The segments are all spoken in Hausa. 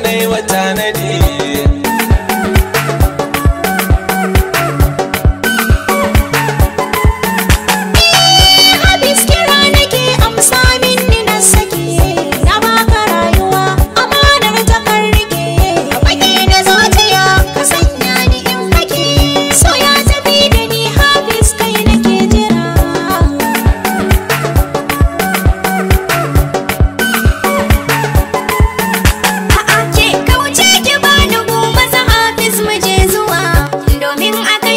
ne wa tanadi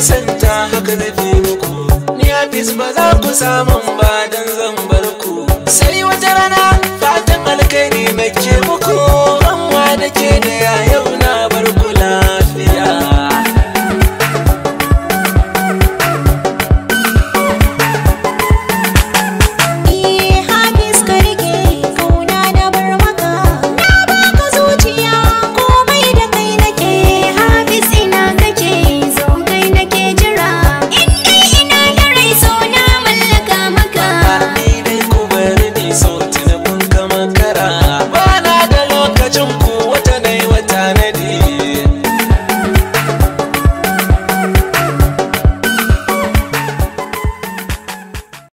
santa haka na ku muku ni hafiz ba za ku samun ba dan zan bar ku sai wata rana